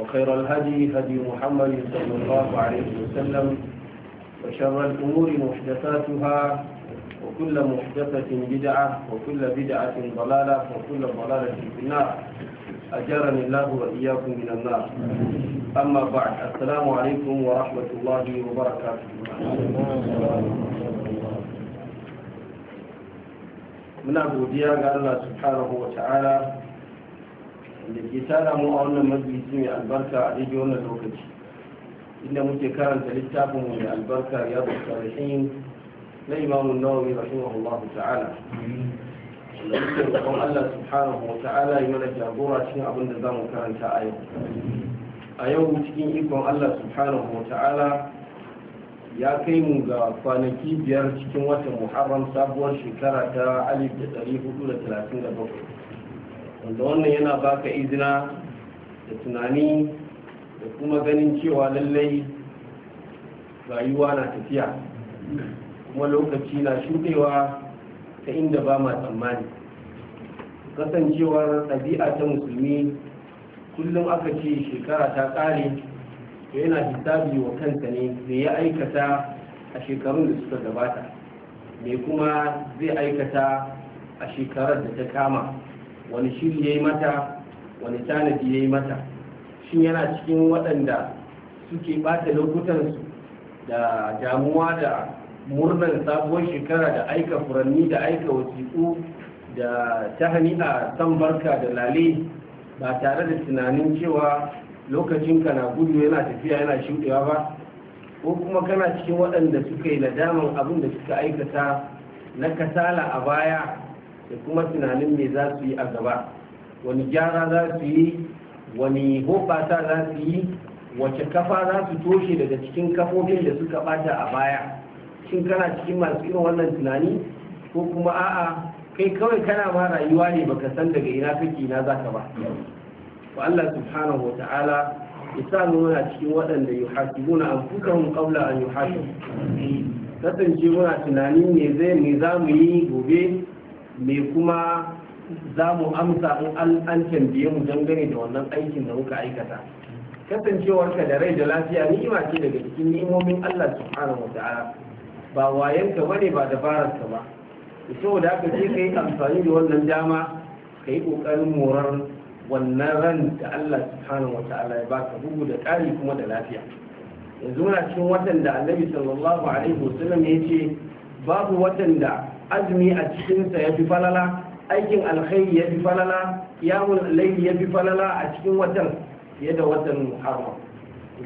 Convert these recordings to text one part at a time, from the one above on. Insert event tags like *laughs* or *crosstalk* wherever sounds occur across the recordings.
وخير الهدي هدي محمد صلى الله عليه وسلم وشر الأمور محدثاتها وكل محدثة بدعة وكل بدعة ضلالة وكل ضلالة في النار أجرني الله وإياكم من النار أما بعد السلام عليكم ورحمة الله وبركاته من godiya ga Allah subhanahu wa da ke tara mu a wannan majalisi mai albarka a daidai wannan lokaci inda muke karanta littafin mu mai albarka ya buƙatar rahimin na imamun nawawi rahimahullah ta'ala da muke roƙon Allah subhanahu wa ta'ala ya mana jagora cikin abin da zamu karanta a yau a yau cikin ikon Allah subhanahu wa ta'ala ya kai mu ga kwanaki biyar cikin watan muharram sabuwar shekara ta 1437 wanda wannan yana baka izina da tunani da kuma ganin cewa lallai rayuwa na tafiya kuma lokaci na shuɗewa ta inda ba ma tsammani kasancewar ɗabi'a ta musulmi kullum aka ce shekara ta ƙare to yana hisabi wa kanta ne da ya aikata a shekarun da suka gabata mai kuma zai aikata a shekarar da ta kama wani shiri ya yi mata wani tanadi ya yi mata shin yana cikin waɗanda suke ɓata lokutansu da damuwa da murnar sabuwar shekara da aika furanni da aika wasiƙu da ta a san barka da lale ba tare da tunanin cewa lokacin ka na gudu yana tafiya yana shuɗewa ba ko kuma kana cikin waɗanda suka yi nadaman abin da suka aikata na kasala a baya da kuma tunanin me za su yi a gaba wani gyara za su yi wani hoɓata za su yi wace kafa za su toshe daga cikin kafofin da suka bata a baya shin kana cikin masu irin wannan tunani ko kuma a'a kai kawai kana ma rayuwa ne baka san daga ina kake ina zaka ba wa Allah subhanahu wata'ala ya sa muna cikin waɗanda yuhasibuna anfusahum qabla an yuhasibu kasance muna tunanin me zai me za mu yi gobe me kuma za mu amsa in an tambaye mu dangane da wannan aikin da muka aikata kasancewarka da rai da lafiya ni'ima ce daga cikin ni'imomin Allah subhanahu wata ta'ala ba wayan bane ba ne ba saboda haka sai kai amfani da wannan dama kai kokarin morar wannan ran da Allah subhanahu wata ya baka bugu da ƙari kuma da lafiya yanzu muna cikin watan da Annabi sallallahu alaihi wasallam ya ce babu watan da azumi a cikinsa ya fi falala aikin alkhairi ya fi falala yawon laili ya fi falala a cikin watan fiye da watan harma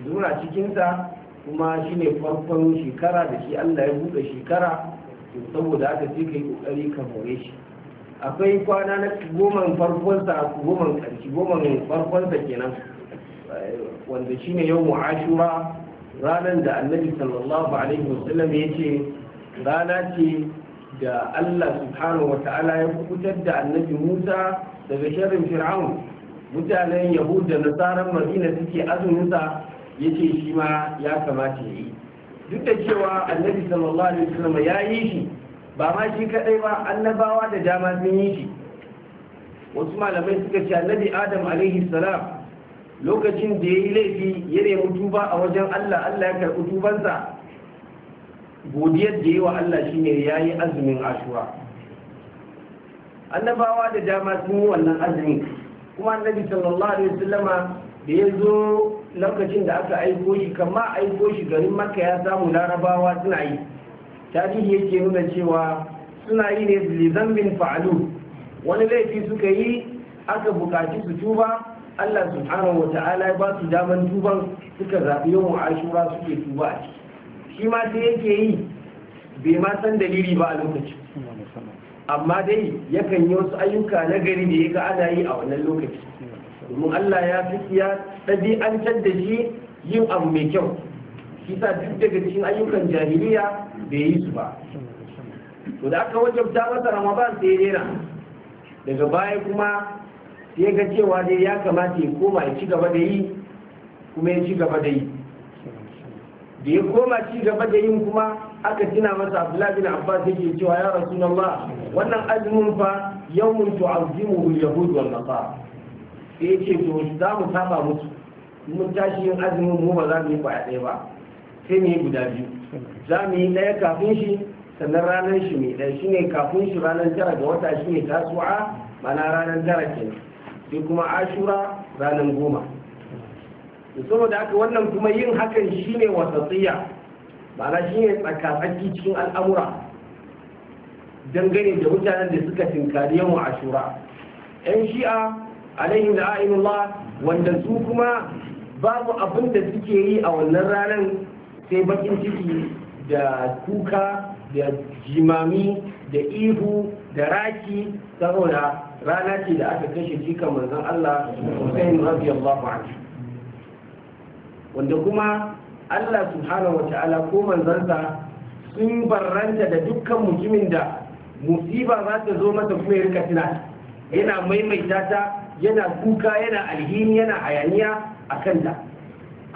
zura cikinsa kuma shi ne farkon shekara da shi allah ya buɗe shekara saboda aka ce ka yi ƙoƙari ka more shi akwai kwana na goma farkonsa goman ƙarshe goman farkonsa kenan wanda shi ne yau mu'ashura ranar da annabi sallallahu alaihi wasallam ya ce rana ce da Allah subhanahu ta'ala ya kubutar da annabi Musa daga sharrin Fir'aun mutanen Yahud da nasarar Madina suke azuminsa yace shi ma ya kamata yi duk da cewa annabi sallallahu alaihi wasallam ya yi shi ba ma shi kadai ba annabawa da dama sun yi shi wasu malamai suka ce annabi Adam alaihi salam lokacin da ya yi laifi ya nemi tuba a wajen Allah Allah ya karɓi tubansa godiyar da yi wa Allah ne ya yi azumin ashura annabawa da dama sun yi wannan azumi kuma annabi sallallahu alaihi wasallama da ya zo lokacin da aka aiko shi kama aiko shi garin maka ya samu larabawa suna yi tarihi yake nuna cewa suna yi ne lizambin fa'alu wani laifi suka yi aka bukaci su tuba Allah subhanahu wa ta'ala ya ba su daman tuban suka zaɓi yawan ashura suke tuba a ciki shi ma sai yake yi bai ma san dalili ba a lokaci amma dai yakan yi wasu ayyuka na gari da ya ga ana yi a wannan lokaci domin Allah ya fi ya ɗabi'antar da shi yin abu mai kyau shi sa duk daga cikin ayyukan jahiliya bai yi su ba to da aka wajabta masa ramadan sai ya daga baya kuma sai ga cewa dai ya kamata ya koma ya ci gaba da yi kuma ya ci gaba da yi da ya koma ci gaba da yin kuma aka tuna masa abdullahi bin abbas yake cewa ya rasulullah wannan azumin fa yawmun tu'azimu al-yahud wal nasara sai yace to za mu saba musu mun tashi yin azumin mu ba za mu yi a ɗaya ba sai mu yi guda biyu za mu yi ɗaya kafin shi sannan ranar shi mai ɗaya shine kafin shi ranar tara ga wata shine tasu'a mana ranar tara ke sai kuma ashura ranar goma saboda haka wannan kuma yin hakan shine wasatsiya ma'ana shine tsakatsaki cikin al'amura dangane da mutanen da suka tinkari yawan ashura yan shi'a alaihim la'ainullah wanda su kuma babu abin da suke yi a wannan ranar sai bakin ciki da kuka da jimami da ihu da raki saboda rana ce da aka kashe jikan manzon Allah Hussein raziyallahu anhu wanda kuma Allah subhanahu wa ta'ala ko manzansa sun barranta da dukkan mutumin da musiba za ta zo masa kuma ya rika tuna yana maimaita ta yana kuka yana alhini yana hayaniya a kanta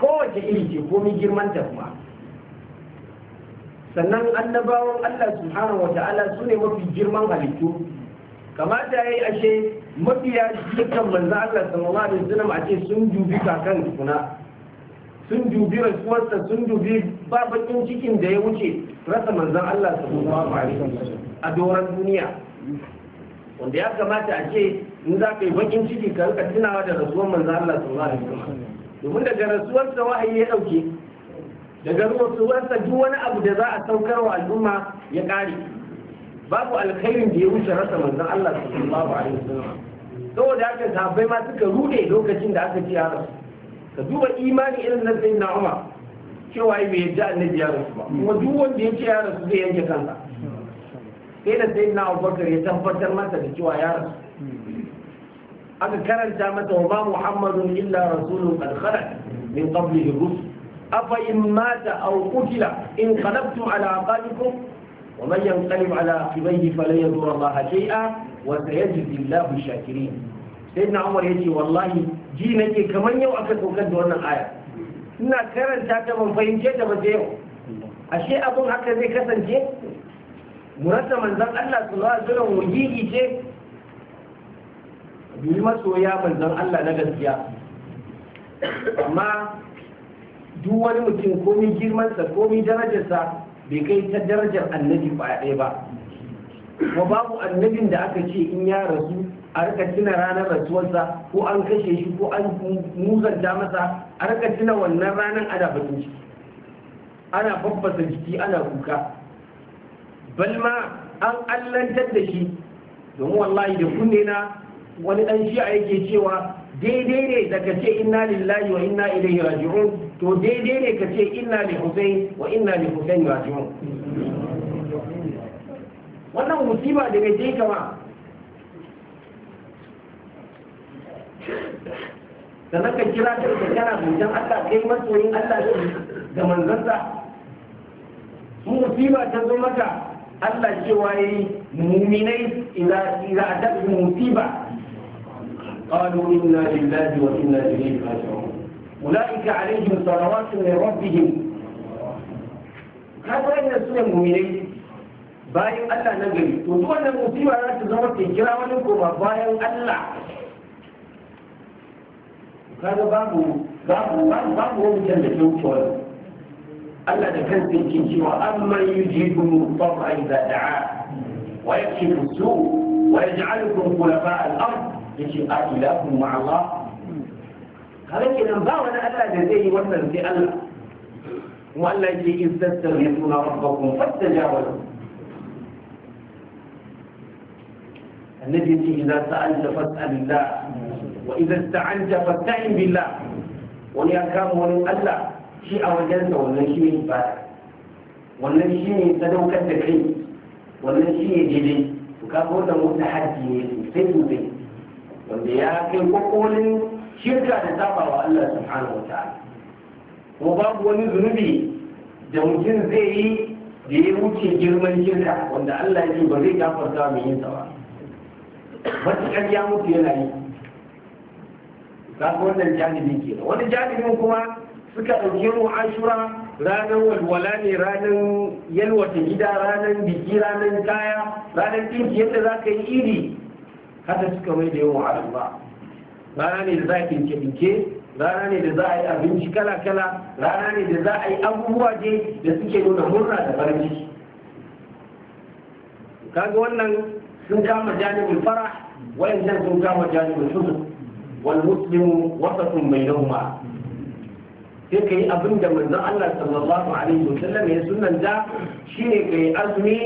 kowace iri ce komi girman ta kuma sannan annabawan Allah subhanahu wa ta'ala su ne mafi girman halittu kamata ya yi ashe mafiya dukkan manzo Allah sallallahu alaihi wasallam a ce sun dubi kakan tukuna sun dubi rasuwarsa sun dubi ba cikin da ya wuce rasa manzan Allah su kuma a a doron duniya wanda ya kamata a ce in za ka yi bakin ciki ka rika tunawa da rasuwar manzan Allah su kuma domin daga rasuwarsa wahayi ya dauke daga rasuwarsa duk wani abu da za a saukar wa al'umma ya kare babu alkhairin da ya wuce rasa manzan Allah su kuma a saboda haka sahabbai ma suka rude lokacin da aka ce ya rasu ka duba imani irin na sai umar cewa bai yadda annabi ya rasu ba kuma duk wanda ya ce ya rasu zai yanke kansa sai da sai na abubakar ya tabbatar masa da cewa ya rasu aka karanta mata wa ba muhammadun illa rasulun qad khalat min qablihi rusul afa in mata aw qutila in qalabtum ala aqabikum wa man yanqalib ala aqibayhi falan yadurra Allah shay'a wa sayajidu Allahu shakirin sayyidina Umar yace wallahi ji nake kamar yau aka saukar da wannan aya ina karanta ta ban fahimce ta ba yau ashe abin haka zai kasance murasa manzan Allah su zuwa zuwa wujigi ce yi masoya manzan Allah na gaskiya amma duk wani mutum komi girmansa komi darajarsa bai kai ta darajar annabi ba ɗaya ba kuma babu annabin da aka ce in ya rasu a rika tuna ranar rasuwarsa ko an kashe shi ko an musanta masa a rika tuna wannan ranar ana batun shi ana babbasa jiki ana kuka balma an allantar da shi domin wallahi da kunne na wani dan shi'a yake cewa daidai ne da ka ce inna lillahi wa inna ilaihi raji'un to daidai ne ka ce inna li husayn wa inna li husayn raji'un wannan musiba daga je kama sannan ka kira ta da kana bujan Allah kai masoyin Allah ne ga manzansa musiba ta zo maka Allah cewa yayi mu'minai idza idza atat musiba wa إنا لله وإنا إليه راجعون أولئك عليهم صلوات من ربهم هذا su ne mu'minai bayan Allah na gari to duk wannan musiba za ta zama ta kira wani kuma bayan Allah kaga babu babu babu wani can da ke wuce wani Allah da kansa yake cewa amma yujibu mutarra idza da'a wa yakshifu su wa yaj'alukum khulafa al-ard yace a ilahu ma Allah kaga kenan ba wani Allah da zai yi wannan sai Allah kuma Allah yake in tastaghifuna rabbakum fastajabu النبي إذا سألت فاسأل الله wa idan sta'anta fasta'in billah wani ya kama wani Allah shi a wajensa wannan shi ne ibada wannan shi ne sadaukar da kai wannan shi ne daidai to ka ga wannan wata haji ne sosai sosai wanda ya kai kokolin shirka da saba wa Allah subhanahu wataala kuma babu wani zunubi da mutum zai yi da ya wuce girman shirka wanda Allah ya ce ba zai gafarta mai yin sa ba matuƙar ya mutu yana yi ba wannan janibin ke wani janibin kuma suka ɗauki mu ashura ranar walwala ne ranar yalwata gida ranar biki ranar kaya ranar ɗinki yadda za ka yi iri haka suka mai da yawan ba rana ne da za a kinke ɗinke rana ne da za a yi abinci kala kala rana ne da za a yi abubuwa je da suke nuna murna da farin ciki kaga wannan sun kama janibul fara wayancan sun kama janibin huzn wal muslimu wasatun bainahuma sai ka yi abin da manzon Allah sallallahu alaihi wasallam ya sunanta shine ka yi azumi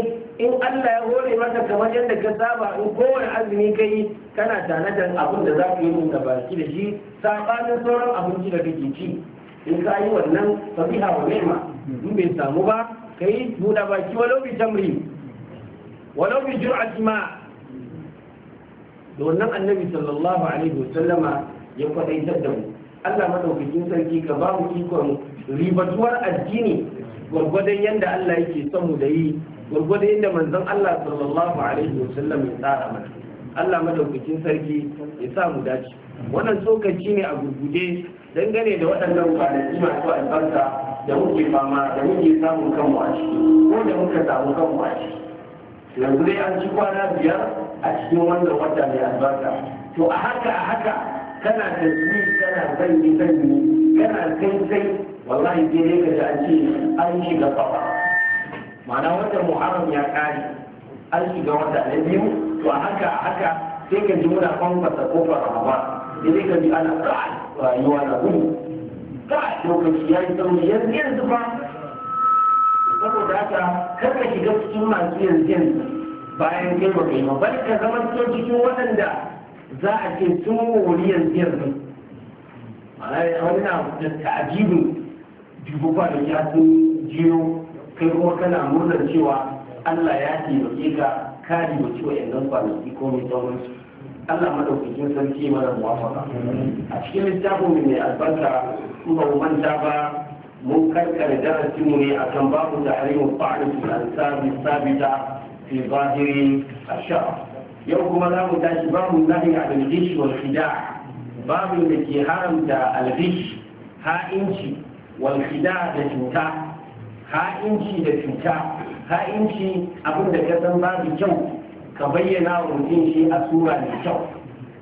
in Allah ya hore maka kamar yadda ka saba in kowane azumi ka yi kana tanadar abin da za ka yi mun baki da shi sabanin sauran abinci da kake ci in ka yi wannan fabiha wa ni'ma in bai samu ba ka yi buɗa baki walau bi tamri walau bi jur'ati ma da wannan annabi sallallahu alaihi wasallama ya kwadaitar da mu Allah madaukakin sarki ka ba mu ikon ribatuwar addini gwargwadon yadda Allah yake son mu da yi gwargwadon yadda manzon Allah sallallahu alaihi wasallam ya tsara mana Allah madaukakin sarki ya sa mu dace wannan tsokaci ne a gurgude dangane da waɗannan kwanaki masu albarka da muke fama da muke samun kanmu a ciki ko da muka samu kanmu a ciki yanzu dai an ci kwana biyar a cikin wannan wata mai albarka to a haka a haka kana da kana zanyi zanyi kana kai kai wallahi sai dai ka ji an ce an shiga kafa ma'ana wata muharram ya kare an shiga wata na biyu to a haka a haka sai ka ji muna kwanfasa kofar ramadan sai dai ka ji ana rayuwa na gudu ka lokaci ya yi sauri yanzu yanzu fa saboda haka karka shiga cikin masu yanzu yanzu bayan kai ba kai ba bari ka zama cikin waɗanda za a ce sun wuri yanzu yanzu ma'ana wani na da ta'ajibin dubu ba da ya sun jiyo kai kuma kana murnar cewa Allah ya taimake ka kari taimaki cewa yanzu kwanaki komai sauransu Allah madaukakin sarki mana ba a cikin littafin mai albarka kuma manta ba mun karkar darasinmu ne akan babu tahrimu su al-ansabi sabita fi zahiri a shar yau kuma za mu tashi babu nahi a al wal khida' babu da ke haramta al-ghish ha'inci wal khida' da cuta ha'inci da cuta ha'inci abin da ka san babu kyau ka bayyana wa mutum shi a sura da kyau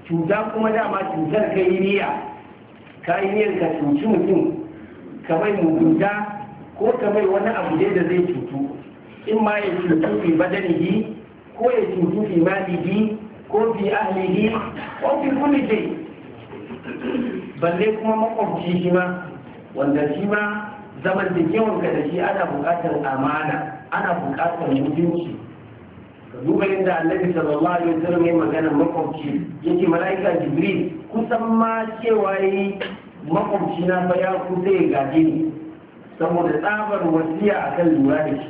cuta kuma dama cutar ka yi niyya ka yi niyyar ka cuci mutum kamar mugunta ko kamar wani abu da zai cutu in ma ya cutu fi badanihi ko ya cutu fi malihi ko fi ahlihi ko fi kulli dai balle kuma makwabci shi ma wanda shi ma zaman da kewan ka da shi ana buƙatar amana ana buƙatar mutunci duba yadda annabi sallallahu alaihi wasallam ya magana makwabci yake mala'ika jibril kusan ma cewa yi makwabcina na fa ya kusa ya gaje ni saboda tsabar wasiya kan lura da shi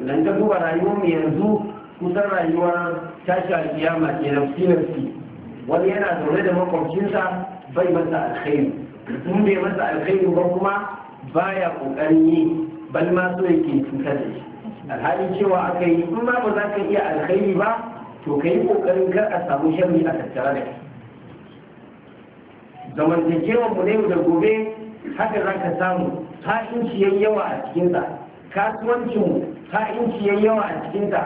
idan ta duba rayuwar mu yanzu kusan rayuwar tashi ya ke na nafsi wani yana zaune da makwabcinsa bai masa alkhairi in bai masa alkhairi ba kuma baya kokarin yi bal ma so yake cutar da shi alhali cewa aka yi in ma ba za ka iya alkhairi ba to ka yi kokarin kar a samu mai a tattara da shi zamantakewar mu ne da gobe haka za ka samu ta inci yawa a cikinsa kasuwancin mu ta inci yawa a cikinsa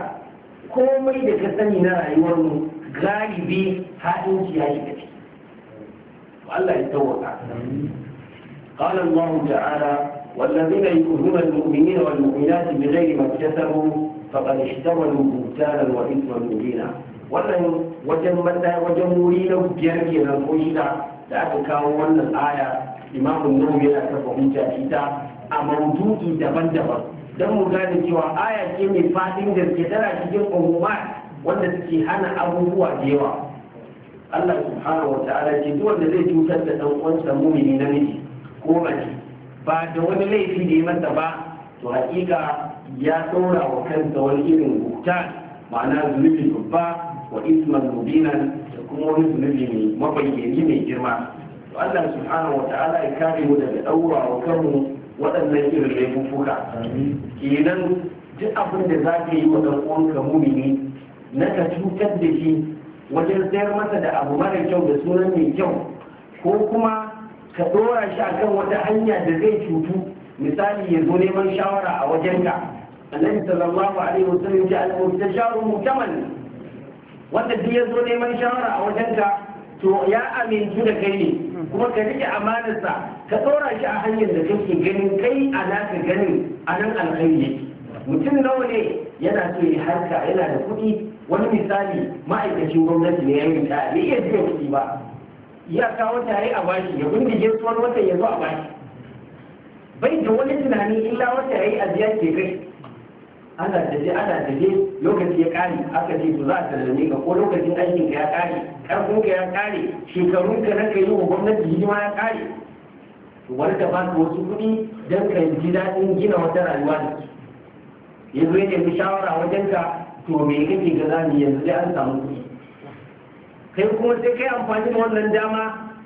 komai da ka sani na rayuwar mu galibi ta inci ya shiga ciki Allah ya tawaka قال الله تعالى والذين يؤذون المؤمنين والمؤمنات بغير ما اكتسبوا فقد اشتروا بهتانا واثما مبينا wannan wajen manda wajen da aka kawo wannan aya imamun nuhu yana kafa hujja ita a maududi daban-daban don mu gane cewa aya ce mai fadin ke tana cikin umumat wanda take hana abubuwa da yawa Allah subhanahu wa ta'ala ce duk wanda zai cutar da dan uwansa mumini namiji ko mace ba da wani laifi da ya masa ba to hakika ya ɗora wa kansa wani irin hukuta ma'ana zunubi babba wa isman mubinan kuma wani zunubi ne mabayyani mai girma to Allah subhanahu wa ta'ala ya kare mu daga daura wa kanmu waɗannan irin laifuka. kenan duk abin da za ka yi wa ɗan uwanka mumini na ka cutar da shi wajen sayar masa da abu mara kyau da sunan mai kyau ko kuma ka dora shi akan wata hanya da zai cutu misali ya zo neman shawara a wajenka annabi sallallahu alaihi wasallam ya ce al-mutasharu mutamal wanda duk ya zo neman shawara a wajenka to ya amintu da kai ne kuma ka rike amanarsa ka tsora shi a hanyar da kake ganin kai a naka ganin a nan alkhairi mutum nawa ne yana so ya harka yana da kuɗi wani misali ma'aikacin gwamnati ne ya yi ta ne iya biyan kuɗi ba ya kawo tare a bashi ya bindige su wani wata ya zo a bashi bai da wani tunani illa wata ya yi a biyar ke kai ana daje ana daje lokaci ya kare aka ce za a ka ko lokacin aikin ka ya kare karfin ka ya kare shekarun ka na kai wa gwamnati hidima ya kare wani ka ba wasu kuɗi don ka ji daɗin gina wata rayuwa da su yanzu ya nemi shawara wajen ka to me kake ga zamu yanzu sai an samu kuɗi kai kuma sai kai amfani da wannan dama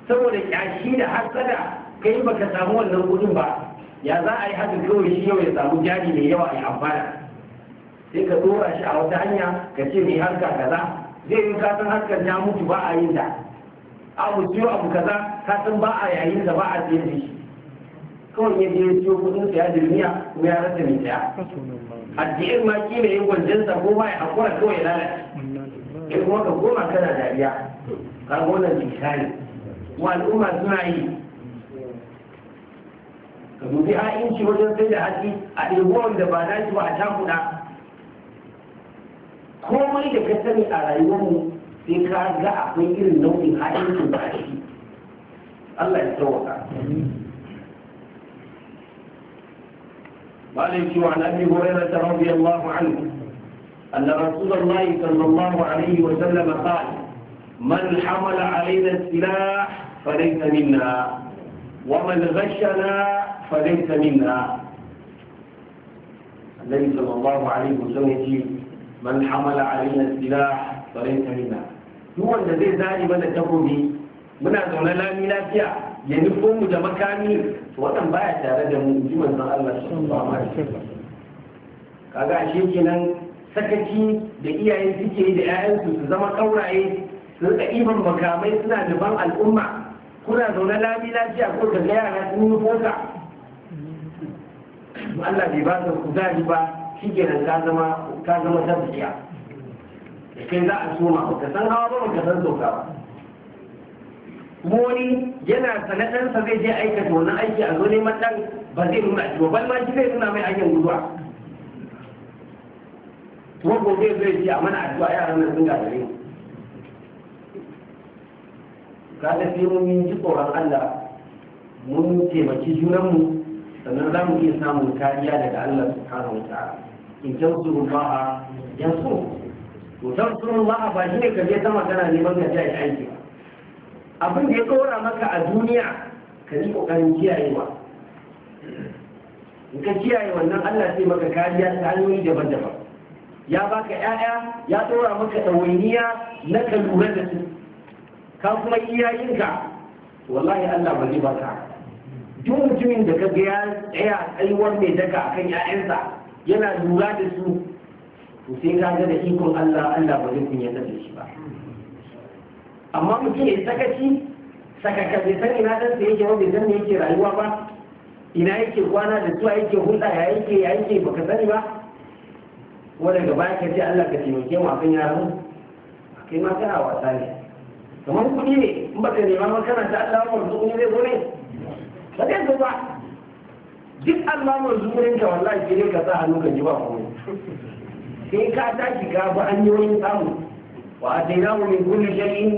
saboda kyashi da hasada kai baka samu wannan kuɗin ba ya za a yi haka kawai shi yau ya samu jari mai yawa a amfana sai ka dora shi a wata hanya ka ce mai harka kaza zai yi kasan harkar ya mutu ba a yin da abu siyo abu kaza kasan ba a yayin da ba a sayar da shi kawai ya je siyo kudin saya da duniya kuma ya rasa mai saya addinin ma kila yin gwanjansa ko ba ya hakura kawai ya lalace in kuma ka koma kana dariya ka a wannan al'umma suna yi ka dubi a inci wajen sai da hatsi a ɗebo da ba na shi ba a cakuɗa komai da ka sani a rayuwarmu sai ka ga akwai irin nau'in haɗin da shi Allah ya tsawaka مالك عن أبي هريرة رضي الله عنه أن رسول الله صلى الله عليه وسلم قال من حمل علينا السلاح فليس منا ومن غشنا فليس منا النبي صلى الله عليه وسلم man hamala alaina silah falaysa minna duk wanda zai zari mana takobi muna zaune lami lafiya ya nufo mu da makami to wannan baya tare da mu ji manzon Allah sallallahu alaihi wasallam kaga ashe kenan sakaci da iyaye suke da 'ya'yansu su zama kauraye su rika iban makamai suna da ban al'umma kuna zaune lami lafiya ko ka ga yara sun yi fosa Allah bai ba ka kuzari ba shi kenan ka zama ka zama tabbiya da kai za a soma ba ka san hawa ba ba ka san sauka ba kuma wani yana sanadansa zai je aikata wannan aiki a zo neman dan ba zai nuna shi ba ban ma shi zai nuna mai aikin guduwa kuma gobe zai ce a mana addu'a yaran nan sun gagare mu kaga sai mun ji tsoron Allah mun taimaki junanmu sannan za mu iya samun kariya daga Allah subhanahu wa ta'ala in tansuru ma'a yansu to tansuru ma'a ba shi ne kaje ta magana ban ga jaye aiki abin da ya ɗora maka a duniya ka yi ƙoƙarin kiyayewa in ka kiyaye wannan allah sai maka kariya ta hanyoyi daban-daban ya baka ƴaƴa ya ɗora maka ɗawainiya na ka lura da su ka kuma iyayenka wallahi allah ba zai baka duk mutumin da ka ga ya tsaya tsayuwar mai daka akan 'ya'yansa yana lura da su to sai ka ga da ikon Allah Allah ba zai kunya da shi ba amma mutum ya sakaci sakaka bai sani na dan sai yake wanda bai me yake rayuwa ba ina yake kwana da su yake hulɗa ya yake ya yake baka sani ba wanda gaba ka ce Allah ka taimake mu akan yaro kai ma kana wasa ne kamar kuɗi ne in baka nema ma kana ta Allah mu kudi ne zo ne ba zai zo ba duk alamar zuwan ka wallahi ke ne ka sa hannu kan ji ba komai sai ka tashi ka ba an yi wani samu wa ataina mu min kulli shay'in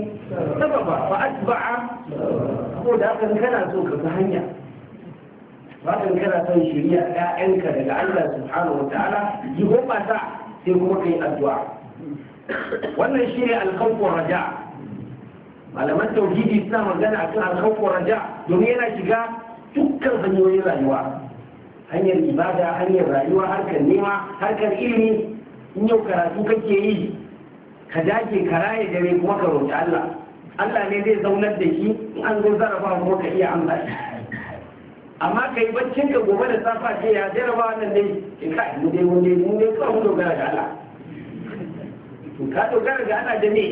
sababa fa atba'a ko da kan kana so ka ga hanya ba kan kana son shiriya ƴaƴanka daga Allah subhanahu wataala ji ko ba sa sai kuma kai addu'a wannan shine alkhawfu raja malaman tauhidi suna magana akan alkhawfu raja domin yana shiga dukkan hanyoyin rayuwa hanyar ibada hanyar rayuwa harkar nema harkar ilimi in yau karatu kake yi ka dace ka raye dare kuma ka roƙi Allah Allah ne zai zaunar da shi in an zo zarafa kuma ka iya amsa amma kai baccin ka gobe da safa ce ya jaraba nan dai in ka mu dai mun dai mun dai kawai mu dogara ga Allah to ka dogara ga Allah da me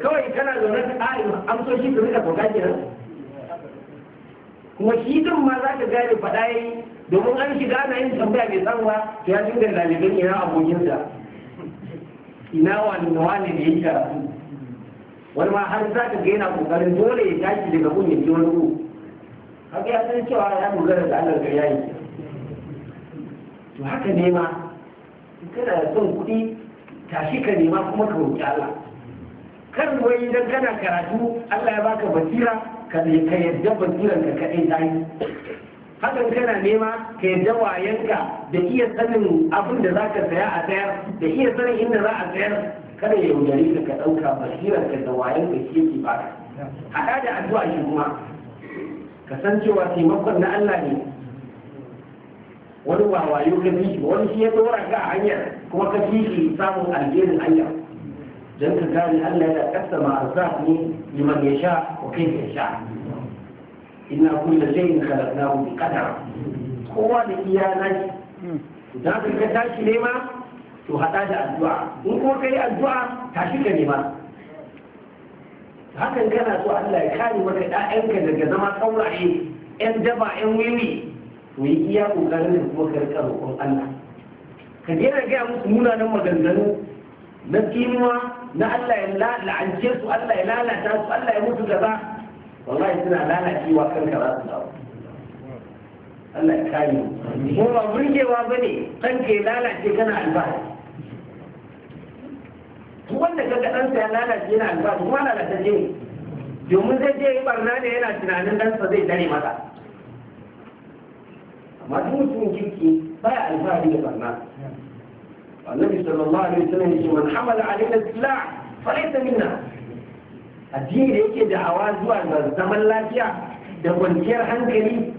kawai kana zaune ka ai amsoshi ka rika nan? kuma shi din ma za ka gane faɗa ya yi domin an shiga na yin tambaya mai tsanwa to ya dinga ɗaliban ina abokinsa ina wani na wani da ya karatu wani ma har za ka ga yana ƙoƙarin dole ya tashi daga kun ya wani ku haka ya san cewa ya dogara da Allah ga yayi to haka ne ma kana son kuɗi tashi ka nema kuma ka roƙi Allah kan wai idan kana karatu Allah ya baka basira ka ka yadda basiran kaɗai ta yi hakan kana nema ka yadda wayanka da iya sanin abin da za ka saya a sayar da iya sanin inda za a sayar kada ya yaudare ka ka ɗauka basiran ka da wayanka ke ke ba haɗa da addu'a shi kuma ka san cewa taimakon na Allah ne wani wawayo ka fi wani shi ya tsora ka a hanyar kuma ka fi samun alherin hanyar don ka gane Allah yana kasama arzak ne liman ya sha ko kai ya sha ina kulla shayin khalaqnahu bi qadar kowa da iya nashi za ka ga tashi nema to hada da addu'a in ko kai addu'a tashi ka nema hakan kana so Allah ya kare maka ɗayanka daga zama saurayi yan daba yan wiwi to yi iya ƙoƙarin da kuma karkar roƙon Allah ka gina gaya musu munanan maganganu na tsinuwa na Allah ya la'ance su Allah ya lalata su Allah ya mutu gaba wallahi suna lalacewa kanka za su dawo Allah ya kare mu ko ba burgewa bane kanka ya lalace kana alfahari duk wanda ka kaga ɗansa ya lalace yana alfahari kuma lalace ne domin zai je yi barna ne yana tunanin ɗansa zai tare masa amma duk mutumin kirki baya alfahari da barna annabi sallallahu alaihi wasallam yake man hamala alaina silah falaita minna addini da yake da da'awa zuwa ga zaman lafiya da kwanciyar hankali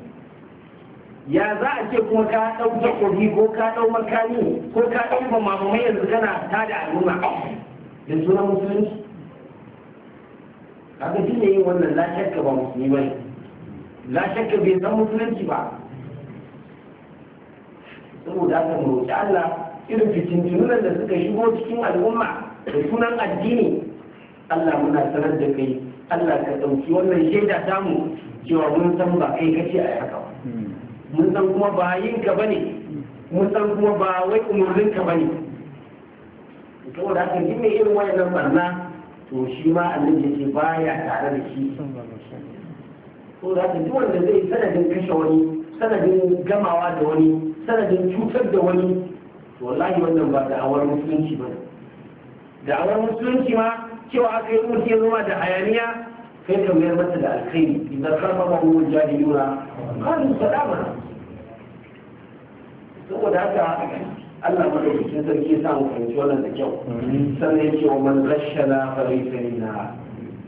ya za a ce kuma ka ɗau takobi ko ka ɗau makami ko ka ɗau mamamai yanzu kana ta da al'umma da sunan musulunci kaga shi ne yin wannan la shakka ba musulmi ba ne la shakka bai san musulunci ba saboda haka mu roƙi Allah irin fitintunan da suka shigo cikin al'umma da sunan addini Allah muna sanar da kai Allah ka ɗauki wannan shaida samu cewa mun san ba kai kace a haka ba mun san kuma ba yin ka bane mun san kuma ba wai umurnin ka bane saboda haka duk mai irin wayannan barna to shi ma annabi ba baya tare da shi saboda haka duk wanda zai sanadin kashe wani sanadin gamawa da wani sanadin cutar da wani wallahi wannan ba da'awar musulunci ba da'awar musulunci ma cewa aka yi mutu ya zama da hayaniya kai ka mayar mata da alkhairi idan karfa ma mu jahiluna kan salama saboda haka Allah madaukakin sarki ya samu fahimci wannan da kyau sannan yake wa man rashana fa laysa minna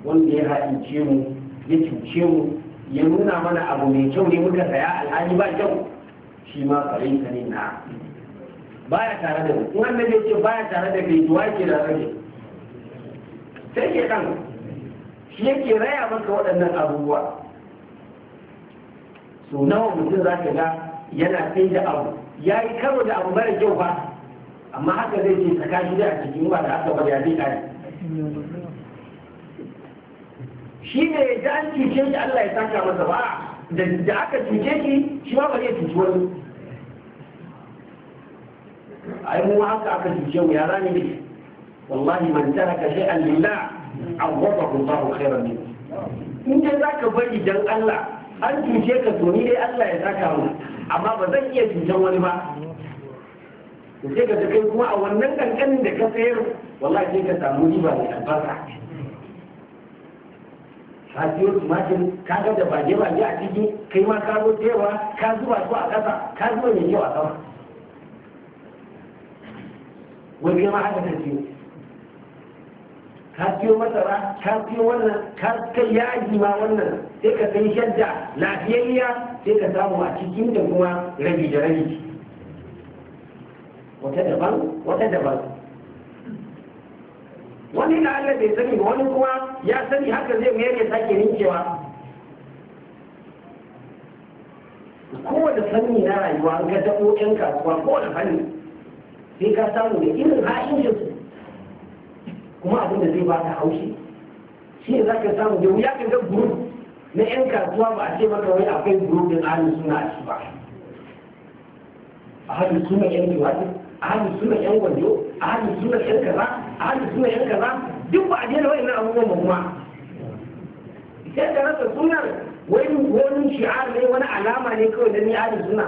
wanda ya ce mu ya cuce mu ya nuna mana abu mai kyau ne muka saya alhaji ba kyau shi ma fa laysa minna baya tare da mu wanda zai ce baya tare da kai duwa ke da rage sai ke kan shi yake raya maka waɗannan abubuwa su nawa mutum za ka ga yana sai da abu ya yi karo da abu mara kyau ba amma haka zai ce saka shi da a cikin ba da aka bada zai kare shi ne ya ji an cuce shi Allah ya saka masa ba da aka cuce shi shi ba ba zai cuci wani ai mu haka aka cuce mu ya rani ne wallahi man taraka shay'an lillah awwadahu Allahu khairan min in dai zaka bari dan Allah an cuce ka to ni dai Allah ya saka mu amma ba zan iya cutan wani ba sai ka kai kuma a wannan kankanin da ka sayar wallahi sai ka samu riba mai albarka ka siyo tumatir ka ga da bage bage a ciki kai ma ka zo tewa ka zuba su a ƙasa ka zuba mai kyau a sama wani ma aka ta ka ciyo masara ka ciyo wannan ka kai yaji ma wannan sai ka kai shadda lafiyayya sai ka samu a cikin da kuma rabi da rabi wata daban wata daban wani da Allah bai sani ba wani kuma ya sani haka zai mayar ya sake rinkewa kowane fanni na rayuwa ga dabo 'yan kasuwa kowane fanni sai ka samu da irin ha'in su kuma abin da zai ba ta haushi shi ne za ka samu da wuya ka ga group na 'yan kasuwa ba a ce maka wai akwai group din ahalin suna a ci ba ahalin suna 'yan a ahalin suna 'yan wando ahalin suna 'yan kaza ahalin suna 'yan kaza duk ba a daina na abubuwan ba kuma sai da rasa sunan wani wani shi'ar ne wani alama ne kawai da ni ahalin suna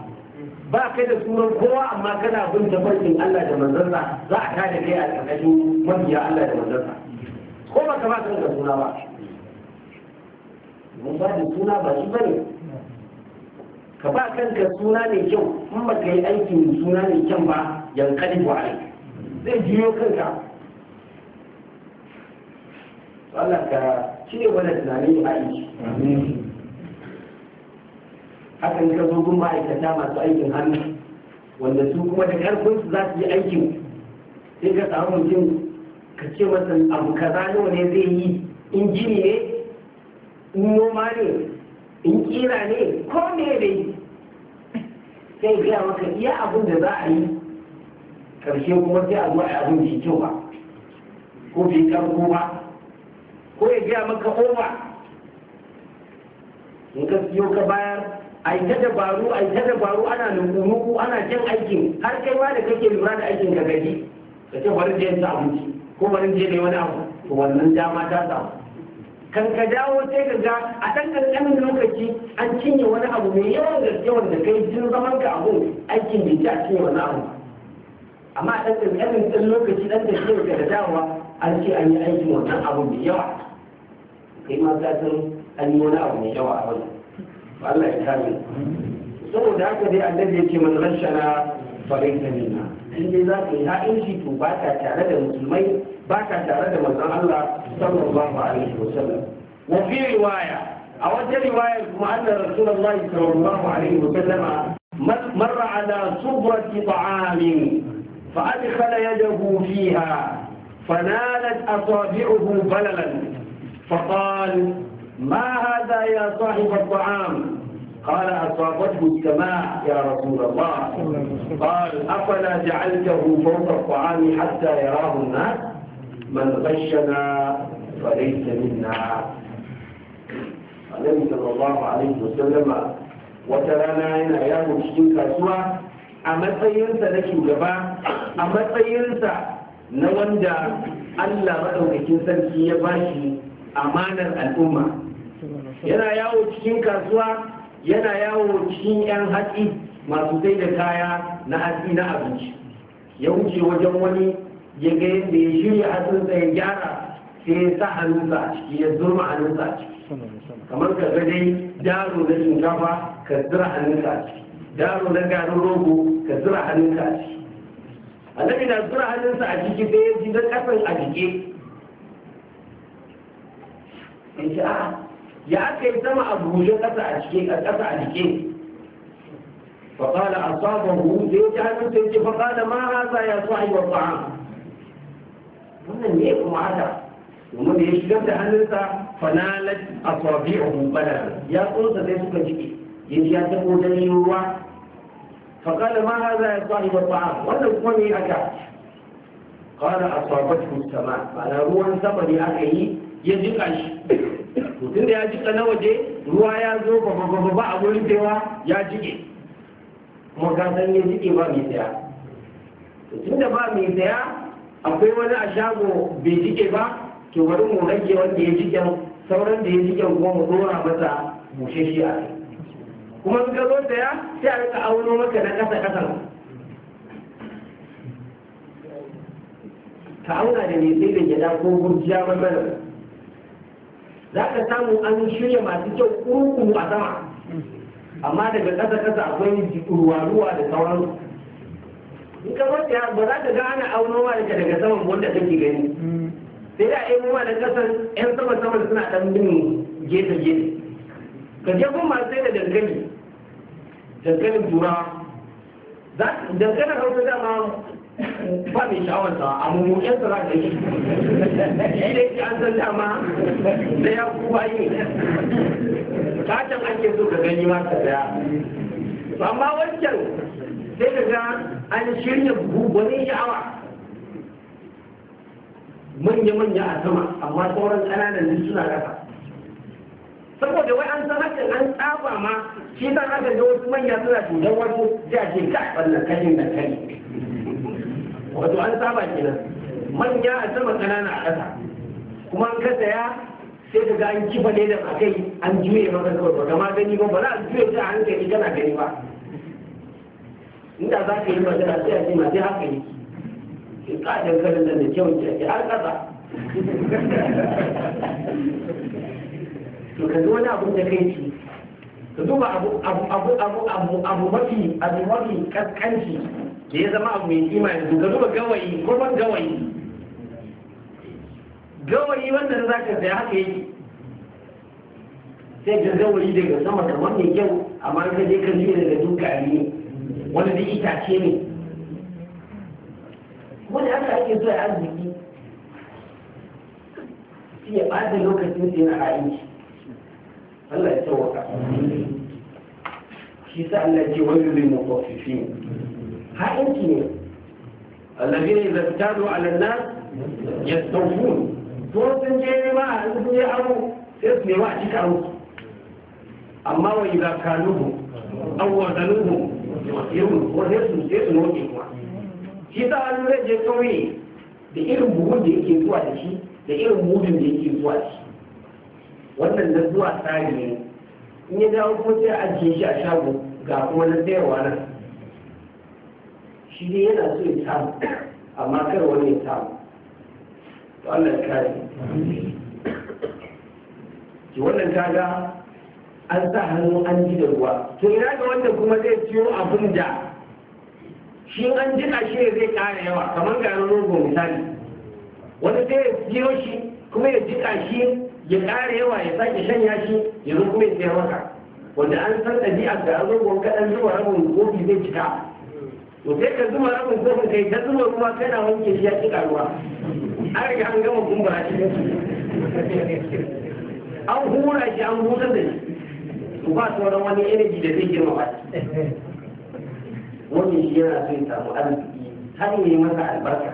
ba kai da sunan kowa amma kana bin tafarkin Allah da manzansa za a tada kai a tsakashin mafiya Allah da manzansa ko ba ka ba ka da suna ba mun ba da suna ba shi bane ka ba kanka suna mai kyau in ba ka yi aikin suna mai kyau ba yankali ba zai jiyo kanka Allah ka cire wannan tunani a aiki hakan ka zo gun ma'aikata masu aikin hannu wanda su kuma da karfin su za su yi aikin sai ka samu mutum ka ce masa abu kaza nawa ne zai yi injini ne in noma ne in kira ne ko ne dai sai gaya maka iya abin da za a yi karshe kuma sai a zo a yi abin da kyau ba ko bai karko ba ko ya gaya maka over in ka siyo ka bayar Aita da dabaru aita da dabaru ana nuku ana jan aikin har kai ma da kake lura da aikin ka gaji ka ce bari je ta abinci ko bari je ne wani abu to wannan dama ta samu kan ka dawo sai ka ga a ɗan ƙanƙanin lokaci an cinye wani abu mai yawan gaske wanda kai jin zaman ka abu aikin da ya a cinye wani abu amma a ɗan ƙanƙanin lokaci dan da ke da dawowa an ce an yi aikin wannan abu mai yawa kai ma ka san an yi wani abu mai yawa a wannan Allah ya kare saboda haka dai annabi yake man rashana falaita minna in dai za ka yi ha'inci to ba ka tare da musulmai ba ka tare da manzon Allah sallallahu alaihi wasallam wa fi riwaya a wata riwaya kuma anna rasulullahi sallallahu alaihi wasallama مر على صبرة طعام فأدخل يده فيها فنالت أصابعه بللا فقال ما هذا يا صاحب الطعام قال أصابته السماء يا رسول الله قال أفلا جعلته فوق الطعام حتى يراه الناس من غشنا فليس منا النبي صلى الله عليه وسلم وترانا هنا يا مسلم كسوة أما تسيرت لك الجبا أما تسيرت نوندا ألا رأوك كنسان كي يباشي أمانة الأمة yana yawo cikin kasuwa yana yawo cikin 'yan hatsi masu sai da kaya na hatsi na abinci ya wuce wajen wani ya ga yadda ya shirya hatsinsa ya gyara sai ya sa hannunsa a ciki ya zurma hannunsa a ciki kamar ka ga dai daro na shinkafa ka zura hannunsa a ciki daro na garin rogo ka zura hannunsa a ciki annabi na zura hannunsa a ciki sai ya ji na kasan a jike in ya aka yi sama a bushe ƙasa a cike a ƙasa a jike faƙala a sabon hu da ya ji hannun sai ce faƙala ma haza ya so yi wa fa'a wannan ne kuma haka Kuma da ya shigar da hannunsa fanalat a sabi'uhu bala ya tsunsa sai suka jike ya ji ya tabo dan ruwa faƙala ma haza ya so yi wa fa'a wannan kuma ne haka ƙara a sabatin sama ma'ana ruwan sama ne aka yi ya jika shi mutum da ya ji na waje ruwa ya zo ba ba a wurin cewa ya jike kuma ka san ya jike ba mai saya tun da ba mai saya akwai wani a shago bai jike ba to bari mu rage wanda ya jike sauran da ya jike kuma mu dora masa shi a kai kuma in ka zo saya sai a rika auno maka na kasa kasa ka auna da mai sai da gida ko gurjiya mamman za ka samu an shirya masu kyau kurkuru a sama amma daga ƙasa ƙasa akwai ruwa-ruwa da sauran in ka wata ba za ka ga ana auno ma daga daga saman wanda kake gani sai da ai ruwa da ƙasan yan sama sama suna ɗan bin gefe gefe ka je kuma sai da dangane dankalin turawa dankalin hausa dama ba mai sha'awarsa a mummukensa za ka yi shi da shi an san dama da ya kuwa yi katon ake so ka gani ma ka daya amma wancan sai ka ga an shirya buhu wani sha'awa manya-manya a sama amma sauran ƙananan duk suna ƙasa saboda wai an san hakan an tsafa ma shi san hakan da wasu manya suna cutar wasu jaje ka wannan kashin da kai wato an saba kenan manya a sama kanana a ƙasa kuma an ka saya sai ka ga an kifa ne da kai an juye maka kawai ba kama gani ba ba za a juye ta hankali kana gani ba inda za ka yi magana sai a ce ma sai haka yi ki kaɗin garin da kyau ki ake har ƙasa *laughs* to ka wani abun da kai ci ka duba abu abu mafi abu mafi da ya zama abu mai kima yanzu ga zuba gawayi ko ban gawayi gawayi wanda za ka saya haka yake sai ka gawayi daga sama da wannan kyau amma ka je ka zuwa daga duka ne wanda zai itace ne wani aka ake zuwa arziki sai ya ɓata lokacin sai na ra'ayi Allah ya tsawaka shi sa Allah ce wani zai mutafifi ha'inci ne allazi ne zaftado alanna ya taufun ko sun je nema a sun je abu, sai su nema a cika abu. amma wa iza kaluhu an wazanuhu yau ko sai su sai su noke kuma shi sa an zai je kauye da irin buhun da yake zuwa da shi da irin mudun da yake zuwa da shi wannan na zuwa tsari ne in ya dawo kuma sai a ajiye shi a shago ga kuma na sayarwa nan shi dai yana so ya samu amma kar wani ya samu to Allah ya kare ki wannan kaga an sa hannu an ji da ruwa to ina ga wanda kuma zai ciyo abin da shi an ji ka shi zai kare yawa kamar garin rogo misali wani zai ciyo shi kuma ya jika shi ya ƙara yawa ya sake shanya shi ya zo kuma ya sayar maka wanda an san ɗabi'a da an zo kaɗan zuwa rabin kofi zai cika to sai ka zuma rabin kofin kai ta zuma ruwa na wanke shi ya ƙi ƙaruwa an riga an gama kumbura shi an hura shi an busar da shi to ba sauran wani energy da zai girma ba wannan shi yana so ya samu arziki har yi masa albarka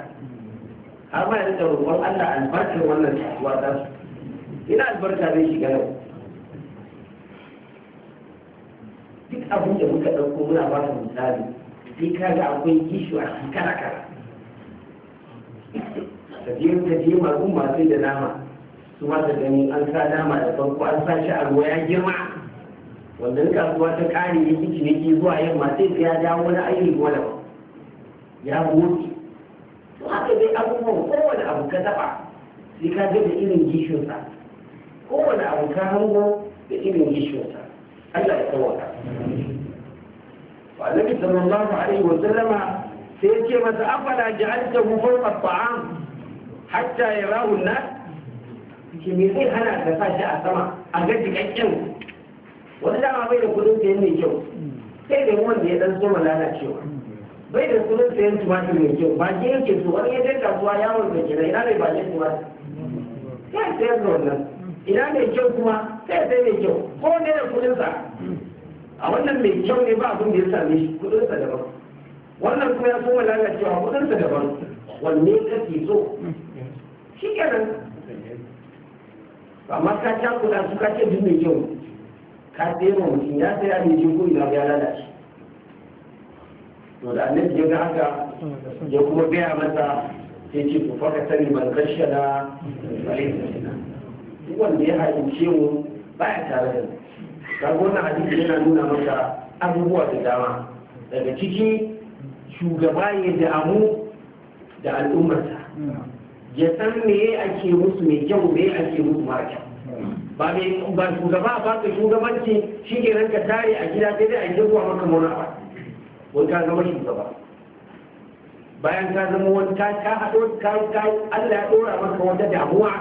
har ma ya roƙon Allah albarkar wannan kasuwa ta su ina albarka zai shiga nan duk abin da muka ɗauko muna ba su misali sai ka ga akwai gishu a cikin kara kala ka je ka je masu da nama su ma ta gani an sa nama da farko an sa shi a ruwa ya girma wannan kasuwa ta kare ya ne ciniki zuwa yamma sai ka ya dawo wani ayyuka wani ya buɗe su haka dai abubuwan kowane abu ka taɓa, sai ka ga da irin gishinsa kowane abu ka hango da irin gishinsa Allah ya tsawata annabi sallallahu alaihi wa sallama sai ya ce masa afala ja'altahu fawqa at-ta'am hatta yarahu an-nas ki me zai hana ka sa shi a sama a ga cikakken wani dama bai da kudin sayan mai kyau sai da wanda ya dan soma lalacewa bai da kudin sayan tumatir mai kyau ba ke yake so wani ya kai kasuwa yawon da kira ina mai bakin tumatir sai sayar da ina mai kyau kuma sai sai mai kyau ko ne da kudin sa a wannan mai kyau ne ba abin da ya same shi kudinsa daban wannan kuma ya soma lalacewa kudinsa daban wanne kake so shi kenan amma ka ta kula su ka ce duk mai kyau ka tsaye ma mutum ya tsaya mai jin kuri ya lalace to da annabi ya ga haka ya kuma gaya masa sai ce ku faka sani ban kashe da wanda ya ce mu ya tare da mu kaga wannan hadisi yana nuna maka abubuwa da dama daga ciki shugaba ya damu da al'ummarsa ya san me meye ake musu mai kyau me meye ake musu mara kyau ba mai ba shugaba ba ka shugabanci shi ke ranka tare a gida sai dai a yi zuwa maka mona ba wani ka zama shugaba bayan ka zama wani ka ka haɗo ka ka Allah ya ɗora maka wata damuwa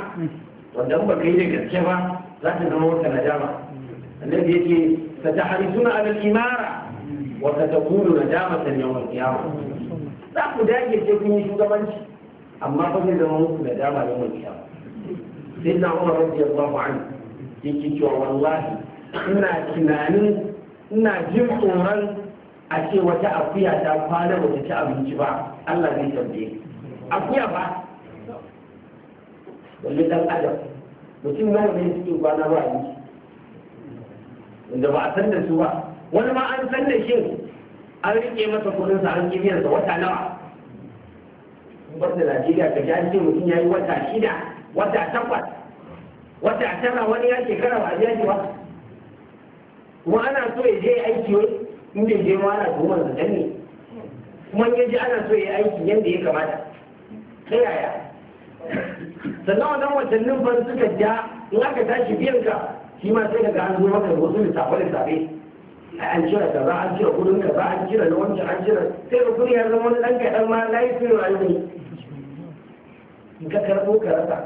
wanda ba ka yi da gaske ba za ta zama wata nadama annabi yake satahrisuna ala al-imara wa satakunu nadamatan yawm al-qiyamah za ku dage sai kun yi shugabanci amma fa zai zama muku nadama yawm al-qiyamah sayyidina Umar radiyallahu anhu yake cewa wallahi ina tunanin ina jin tsoron a wata akuya ta kwana bata ci abinci ba Allah zai tambaye akuya ba wani dan adam mutum kwana ba da ba a san da su ba wani ma an san da shi an rike masa kudin sa an kibiyar sa wata nawa bar da Najeriya ka ji ce mutum ya yi wata shida wata takwas wata tara wani ya shekara ba a ba kuma ana so ya je aiki wai in bai je ma ana tuhumar da danne kuma ya je ana so ya aiki yadda ya kamata ta yaya sannan wannan watannin ban suka ja in aka tashi biyan ka shi ma sai daga an zo maka da wasu lissafe lissafe an cire za a cire kudin za an cire na wancan an cire sai da kudi ya zama wani dan kaɗan ma na yi fi rayuwa in ka karɓo ka rasa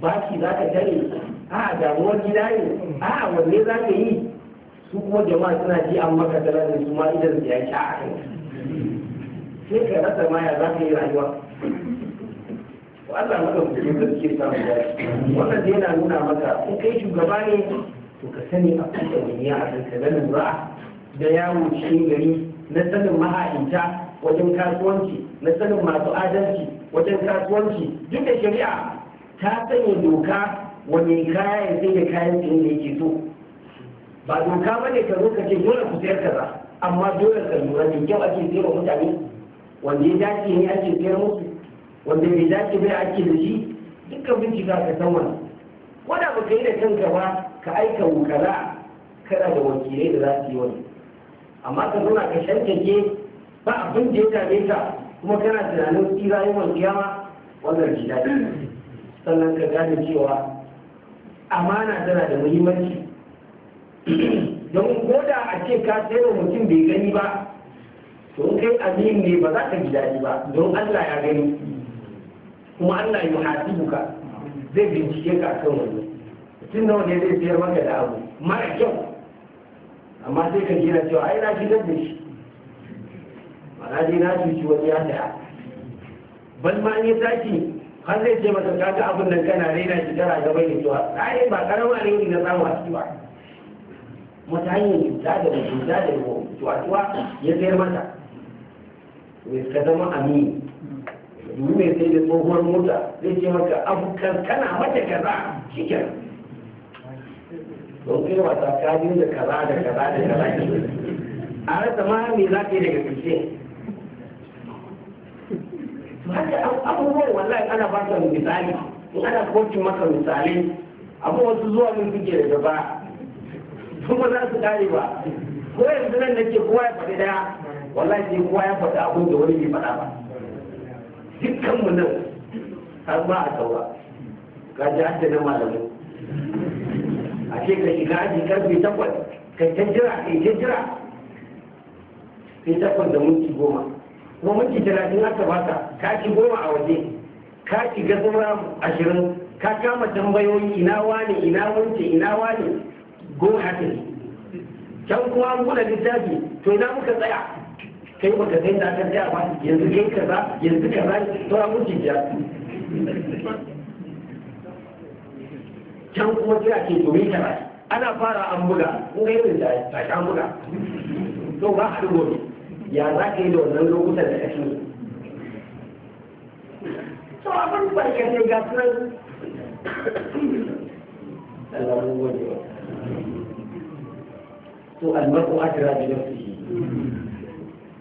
baki za ka tare a damuwar gida ne a wanne za ka yi su kuma jama'a suna ji an maka talatin su ma idan da ya ci a kai sai ka rasa ma ya za ka yi rayuwa Allah maka mutum da suke samun dace wannan zai yana nuna maka in kai shugaba ne to ka sani a kan ya a kan na lura da yawo cikin gari na sanin maha'inta wajen kasuwanci na sanin masu adalci wajen kasuwanci duk da shari'a ta sanya doka wani kayan sai da kayan sayin da yake so ba doka ba ne ka zo ka ce dole ku sayar kaza amma dole ka lura da kyau ake sayar wa mutane wanda ya dace ne ake sayar musu wanda bai dace bai ake da shi dukkan bincika ka san wani ko da yi da kanka ba ka aika wukana kana da wakilai da za su yi wani amma ka zauna ka shankake ba abin da ya kame ka kuma kana tunanin tsira yawan kiyama wannan ji daɗi sannan ka gane cewa amana tana da muhimmanci don koda a ce ka sayar mutum bai gani ba to kai amin ne ba za ka ji daɗi ba don Allah ya gani kuma Allah ya hasibuka zai bincike ka kan wannan mutum da ne zai siyar maka da abu mara kyau amma sai ka gina cewa ai na gidan da shi ma'ana dai na cuci wani ya saya ban ma an yi tashi har zai ce masa kaka abin nan kana raina shi tara gaba da cewa ai ba karama ne ne na samu a ciki ba mata hanyar cuta da cuta da cuwa cuta ya sayar mata mai ka zama amini domin mai sai da tsohuwar mota zai ce maka abu kankana mata kaza shi kenan don kai wasa ka biyu da kaza da kaza da kaza a rasa ma me za ka yi daga karshe haka abubuwan wallahi ana ba ka misali in ana kocin maka misali abu wasu zuwa min suke da gaba ba za su kare ba ko yanzu nan da ke kowa ya faɗi daya wallahi sai kowa ya faɗi abun da wani bai faɗa ba dukkanmu nan har ba a saura ka ji hadda na malamu a ce ka shiga aji karfe takwas ka ta jira ka ta jira sai takwas da minti goma kuma minti talatin aka baka ka ci goma a waje ka shiga saura ashirin ka kama tambayoyi ina wane ina wance ina wane go haka ne can kuma an kula littafi to ina muka tsaya kai ka san da aka tsaya ba yanzu kai kaza yanzu kaza to an mutu ja can kuma sai a ce to me ana fara an buga in ga irin da ta sha buga to ba a dubo ya za ka yi da wannan lokutan da kake to abin barka sai ga sunan Allah mu gode wa to almar'u adra bi nafsihi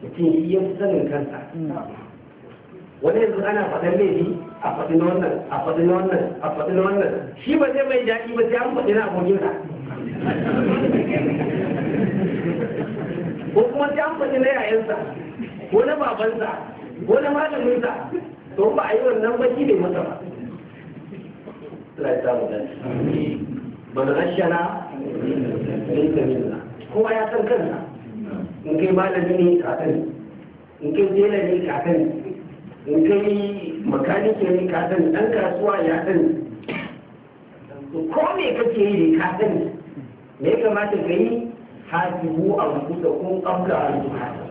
mutum yi ya fi sanin kansa wani yanzu ana faɗin laifi a faɗi wannan a faɗi wannan a faɗi wannan shi ba zai mai daɗi ba sai an faɗi na abokinsa ko kuma sai an faɗi na ya'yan sa, ko na baban sa, ko na sa, to ba a yi wannan ba shi bai masa ba Allah ya samu dan man rashana min kamilla kowa ya san kansa in kai malami ne ka sani in kai jela ne ka sani in kai makanike ne ka sani ɗan kasuwa ya sani ko me kake yi ne ka sani me ya kamata ka yi hasibu a da kun ƙabla a rubuta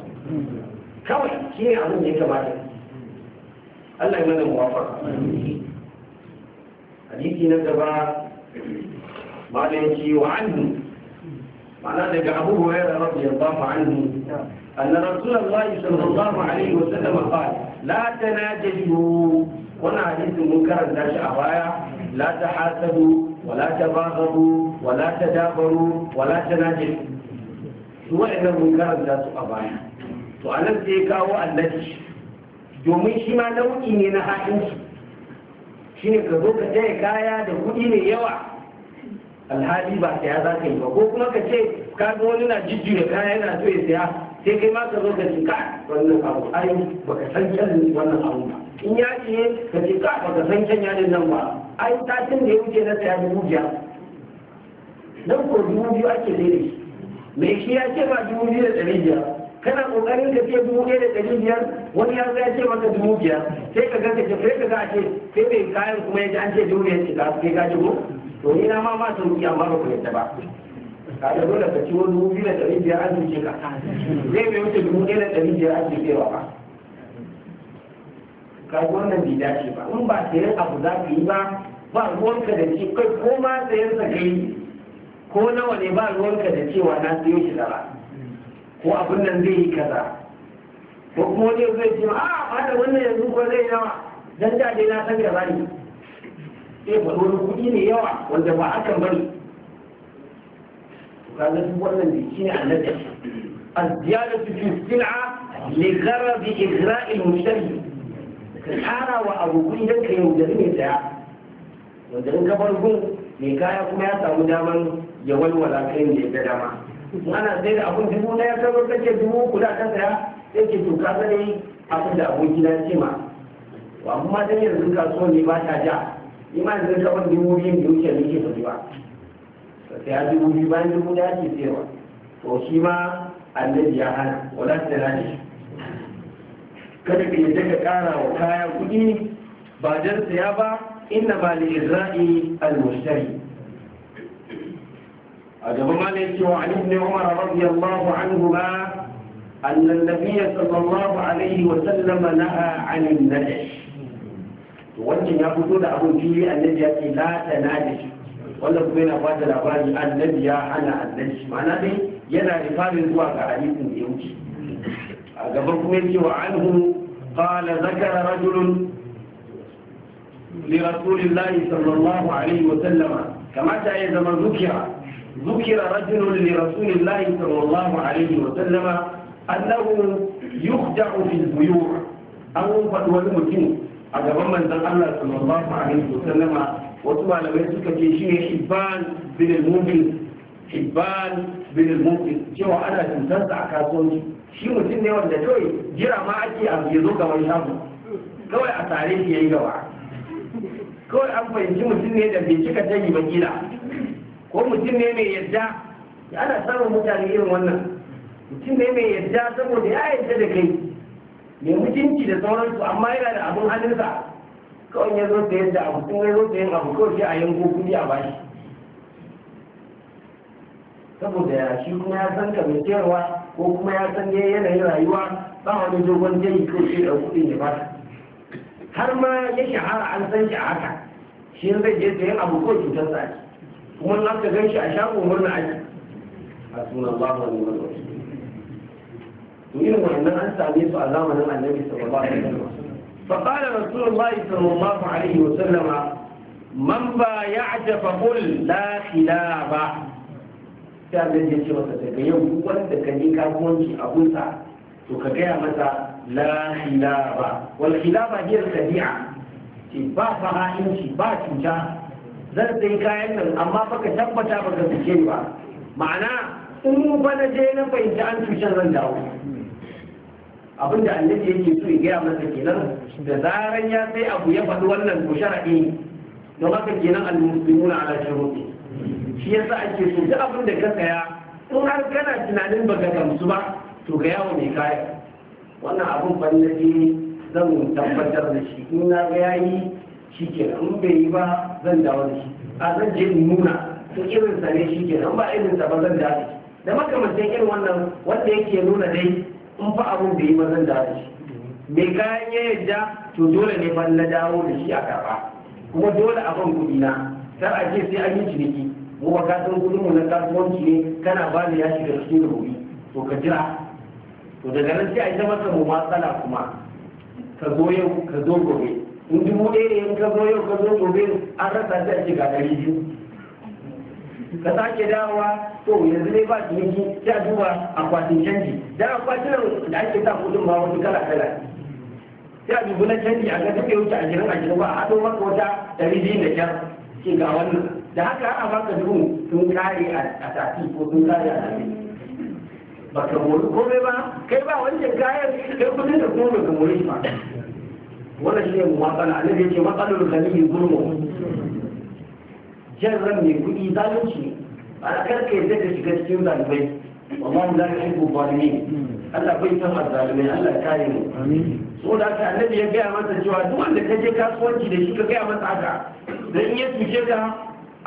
kawai shi ne abin da ya kamata Allah ya mana muwafaka hadisi na gaba malam ce wa anhu ma'ana daga abu hurairah radiyallahu anhu anna rasulullahi sallallahu alaihi wa sallam qala la tanajadu wannan hadisi mun karanta shi a baya la tahasadu wala ta tabaghadu wala ta dabaru wala ta tanajadu su wa'annan mun karanta su a baya to nan sai kawo annabi domin shi ma nau'i ne na ha'inci shi ne ka zo ka taya kaya da kuɗi ne yawa Alhaji ba saya za ka yi ba ko kuma ka ce ka wani na jijjiga kaya yana so ya saya sai kai ma ka zo ka ce ka wannan abu ai baka san can wannan abu ba in ya ce ka ce ka baka san can ya nan ba ai tashin da ya wuce na saya dubu biyar dan ko dubu biyu ake daidai shi me shi ya ce ba dubu biyu da ɗari biyar kana kokarin ka ce dubu biyu da ɗari biyar wani ya ya ce maka dubu biyar sai ka ga ka ce sai ka ga ce sai bai kayan kuma ya ce an ce dubu biyar ce ka ce ka ce ko to na ma ma sauki amma ba ku yadda ba ka da dole ka ciwo dubu biyu da ɗari biyar an zuke ka zai bai wuce dubu ɗaya da ɗari biyar an zuke wa ba ka wannan bai dace ba in ba sayan abu za ka yi ba ba ruwanka da ce kai ko ma sayan sa kai ko nawa ne ba ruwanka da cewa na sayo shi ba ko abin nan zai yi kaza ko kuma wani zai ce a ah, ba da wannan yanzu ko zai yawa dan da dai na san kaza ne sai faɗo wani kuɗi ne yawa wanda ba akan bari kaga duk wannan biki ne annabi az-ziyadatu fi sil'a li gharab ighra' al-mushtari kara wa abu kun dan kai yaudari ne daya yaudarin ka gun mai kaya kuma ya samu daman ya walwala kai ne da dama ana saida da abun dubu na ya kabar kake dubu kula kan saya sai ke to ka sani abin da abokina ce ma to amma dan yanzu kasuwan ne ba ta ja ni ma yanzu kamar dubu biyu da wuce ne ke ba ka saya dubu biyu bayan dubu da ake sayarwa to shi ma annabi ya hana wala ta rani kada ka yadda ka kara wa kaya kuɗi ba don saya ba inna ba li irra'i al-mushtari a gaba ma ne cewa Ali ibn umar radiyallahu anhu ba أن النبي صلى wa عليه وسلم نهى عن النجش wannan ya fito da abin fili annabi ya ce la ta najish wannan kuma yana ba da labari annabi ya hana annabi ma'ana dai yana rifarin zuwa ga hadisin da ya wuce a gaban kuma yake wa anhu qala zakara rajulun li rasulillahi sallallahu alaihi wa sallama kamata ya zama zukira zukira rajulun li rasulillahi sallallahu alaihi wa sallama annahu yukhda'u fil buyu' an faɗi wani mutum a gaban manzon Allah sallallahu alaihi wa sallama wasu malamai suka ce shi ne hibban bin mumkin hibban bin mumkin cewa ana cutar sa a kasuwanci shi mutum ne wanda kawai jira ma ake a ya zo gaban shago kawai a tare shi yi gaba kawai an fahimci mutum ne da bai cika tani ba kila ko mutum ne mai yadda ana samun mutane irin wannan mutum ne mai yadda saboda ya yadda da kai mai mutunci da sauransu amma yana da abin hannunsa kawai ya zo sayan yadda abu in ya zo sayan abu kawai shi a yanko kudi a bashi saboda shi kuma ya san kamancewa ko kuma ya san ya yanayin rayuwa ba wani dogon jayi ko shi da kudin ya ba har ma ya shahara an san shi a haka shi zai je yin abu ko cutar sa kuma na aka gan shi a shago murna aji a sunan babu wani wani wasu irin wannan an same su a zamanin annabi sallallahu alaihi wasallam فقال رسول الله صلى الله عليه وسلم من بايعت فقل لا خلاف sai abin ce masa daga yau wanda ka yi kasuwanci a gunsa to ka gaya masa la ba." wal ba" hiya al ce ba fahimci ba cuta zan sai kayan nan amma fa ka tabbata ba ka fice ba ma'ana in mu ba na je na fahimci an cutar zan dawo abin da annabi yake so ya gaya masa kenan da zaran ya sai abu ya faɗi wannan ko shar'i don haka kenan al-muslimuna ala shuruti shi yasa ake so duk abin da ka saya in har kana tunanin baka gamsu ba to ga yawo mai kaya wannan abin fallafi zan tabbatar da shi in na ga yayi shi kenan in bai yi ba zan dawo da shi a zan je in nuna to irin sa ne shi kenan ba irin sa ba zan dawo da makamantan irin wannan wanda yake nuna dai in fa abun da yi mazan da shi mai kayan ya yadda to dole ne ban na dawo da shi a karba kuma dole a ban kuɗi na kar a ce sai an yi ciniki mu ba kasan kuɗin mu na kasuwanci ne kana ba ni ya shiga cikin rubi to ka jira to daga nan sai a yi ta masa mu matsala kuma ka zo yau ka zo gobe in dubu ɗaya ne in ka zo yau ka zo gobe an rasa ta ce ga ɗari biyu ka sake dawowa to yanzu dai ba ciniki sai a duba akwatin canji dan akwatin da ake sa kudin ba wasu kala kala sai a dubi na canji a ga duk ya wuce a jirin ba a haɗo maka wata ɗari biyu da kyar ke ga wannan da haka a baka dubu sun kare a sati ko sun kare a tafi ba ka mori komai ba kai ba wancan kayan kai kudin da kuma ka mori ba wannan shi ne matsala annabi yake matsalar gani gurmu jan mai kuɗi zalunci ne ba karka yadda ka shiga cikin zalibai amma ka shigo ba ne Allah bai san zalibai Allah kare mu so da ka annabi ya gaya masa cewa duk wanda ka je kasuwanci da shi ka gaya masa haka dan ya tuce ka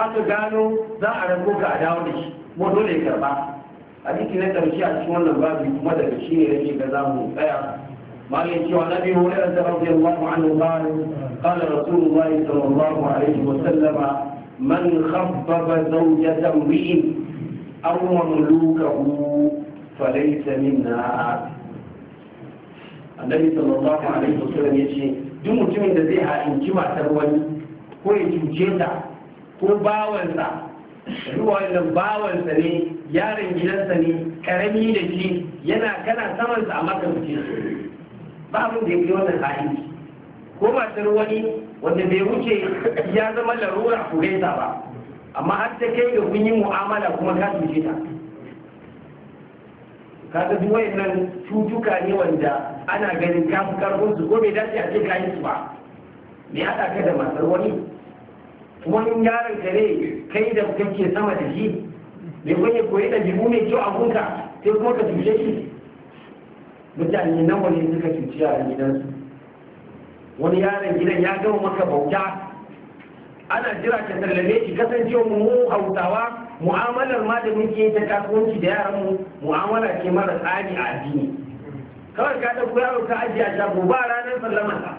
aka gano za a rago ka a dawo da shi mu dole ya karba hadisi na karshe a cikin wannan babu kuma daga shi ne yake ga mu tsaya مالك عن ابي هريره رضي الله عنه قال قال رسول الله صلى الله عليه وسلم من خبب زوجة امرئ أو مملوكه فليس منا النبي صلى الله عليه وسلم يجي duk mutumin da zai ha'inci matar wani ko ya cuce ta ko bawansa ruwa wannan bawansa ne yaron gidansa ne karami da shi yana kana samansa a maka fice ba abin da ya kai wannan ha'inci ko matar wani wanda bai wuce ya zama larura kureta ba amma har ta kai ga kun yi mu'amala kuma ka cuce ta kaga duk wayannan cutuka ne wanda ana ganin ka fi karfin su ko bai dace a ce ka su ba me ya ka da masar wani wani yaron ka ne kai da kake sama da shi me kun ya da ɗabi'u mai kyau a kunka sai kuma ka cuce shi mutane nan wani suka cuci a gidansu wani yaron gidan ya gama maka bauta ana jira ta sallame shi kasancewa mu hautawa mu'amalar ma da muke ta kasuwanci da yaran mu mu'amala ce mara tsari a addini kawai ka ɗauko yaro ka ajiye a shago ba ranar sallamarsa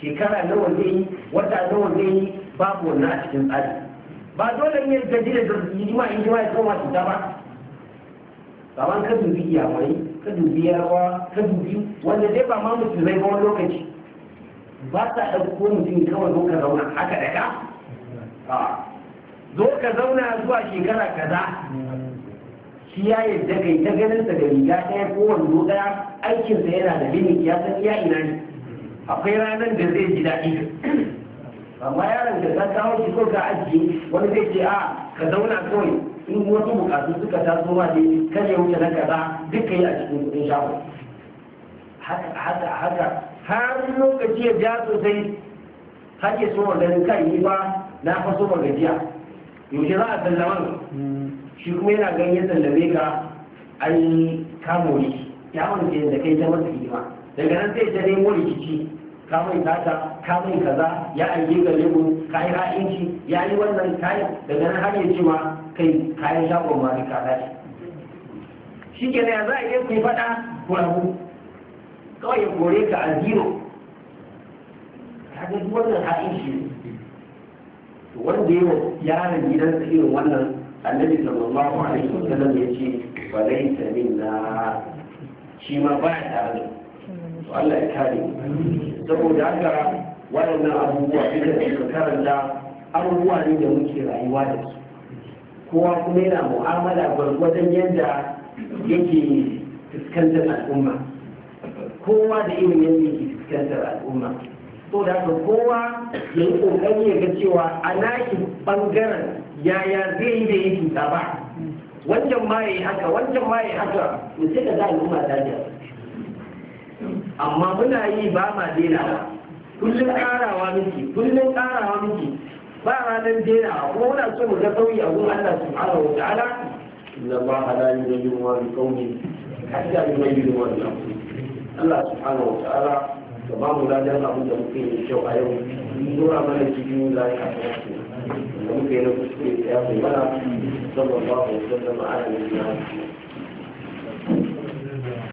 shekara nawa zai yi wata nawa zai yi babu wannan a cikin tsari ba dole ne ka jira da hijima hijima ya koma cuta ba kamar ka dubi iyamai ka dubi yarwa ka dubi wanda dai ba ma zai ba wani lokaci ba sa ɗauko mutum kawai zo ka zauna haka daga zo ka zauna zuwa shekara kaza shi ya yadda kai ta ganin sa da riga ɗaya ko wando ɗaya aikinsa yana da limit ya san iya ina ne akwai ranar da zai ji daɗi amma yaron da ta kawo shi ko ka ajiye wani zai ce a ka zauna kawai in wasu bukatu suka taso ma ne kar ya wuce na kaza duka yi a cikin kudin shago haka haka haka har lokaci ya ja sosai hake so ni kan yi ba na faso gajiya. yaushe za a sallaman shi kuma yana ganin ya sallame ka an kama kamori ya wance da kai ta masa hidima daga nan sai ta nemo rikici ka mai tata ka mai kaza ya aiki ga lebo ka yi ha'inci ya yi wannan kayan daga nan har ya ce ma kai kayan shagon ma ka dace shi ke za a iya kai faɗa ko kawai ya kore ka a zero kaga duk wannan ha'in shi wanda yawa yaron gidan irin wannan annabi sallallahu alaihi wasallam ya ce ba zai sami na shi ma ba ya tare to Allah ya kare saboda haka waɗannan abubuwa duka da karanta abubuwa ne da muke rayuwa da su kowa kuma yana mu'amala gwargwadon yadda yake fuskantar al'umma kowa da irin yadda yake fuskantar al'umma so da haka kowa ya yi kokari ya ga cewa a naki bangaren yaya zai yi da yake cuta ba wancan ma ya yi haka wancan ma ya yi haka mutum da za kuma ta amma muna yi ba ma daina ba kullum karawa miki kullum karawa miki ba ranar dena ko muna so mu ga sauyi a gun Allah subhanahu wa ta'ala inna Allah la yughayyiru ma bi qaumin hatta yughayyiru ma bi Allah subhanahu wa ta'ala ka ba mu ladan abin da muke yi kyau a yau nura mana cikin da ya kafa da muke na kuskure ya kai mana sallallahu alaihi wa sallam ala nabiyina